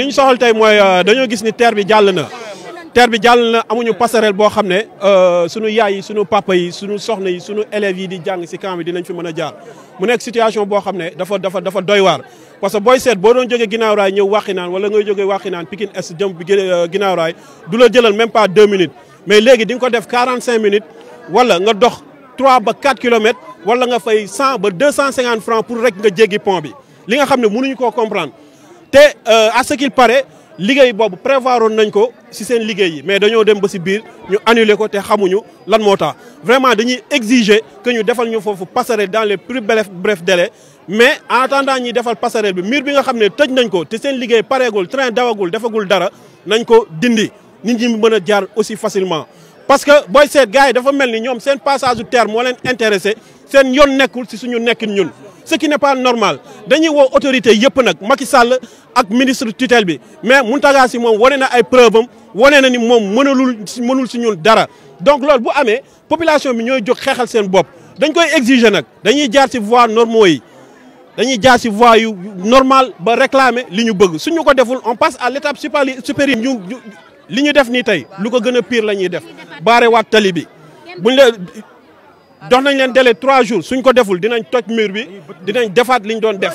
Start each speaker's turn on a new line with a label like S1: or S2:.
S1: li ñu soxal tey mooy euh, dañoo gis ni TER bi jàll na. TER bi jàll na amuñu passerelle boo xam ne euh, sunu yaay yi sunu papa yi sunu soxna yi sunu élèves yi di jàng si camp bi dinañ fi mën a jaar. mu nekk situation boo xam ne dafa dafa dafa doy waar parce que booy seet boo doon jógee ginnaaw raay ñëw Waxinaan wala ngay jógee Waxinaan Pikine Est jëm ginnaaw euh, raay du la jëlal même pas 2 minutes. mais léegi di nga ko def 45 minutes wala nga dox 3 ba 4 kilomètres wala nga fay 100 ba 250 francs pour rek nga jéggi pont bi li nga xam ne mënuñu koo comprendre. te euh, à ce qu'il paraît liguey bobu prévoir nañ ko ci sen liguey mais dañoo dem ba ci bir ñu annuler ko té xamuñu lan moo tax vraiment dañuy exiger que ñu défal ñu fofu passerelle dans les plus bref bref délais mais en attendant ñi défal passerelle bi mur bi nga xamné tej nañ ko té sen liguey parégul train dawagul defagul dara nañ ko dindi nit ñi mëna a jaar aussi facilement parce que boy, set gars yi dafa mel ni ñoom seen passage du terme moo leen intéressé seen yon nekkul si suñu nekkin ñun ce qui n'est pas normal dañuy woo autorité yëpp nag Macky Sall ak ministre tutelle bi mais Muntaga Sy moom wane na ay preuve am wane na ni moom mënalul mënul si ñun dara donc loolu bu amé, population bi ñooy quelque xeexal seen bopp dañ koy exiger nag dañuy jaar si voie normaux yi dañuy jaar si voie normal ba réclamer li ñu bëgg suñu ko deful on passe à l'étape supérieure ñu li ñu def nii tey lu ko gën a pire la ñuy def baare waat tali bi buñ la dox nañ leen délai trois jours suñ ko deful dinañ toj mur bi dinañ defaat liñ doon def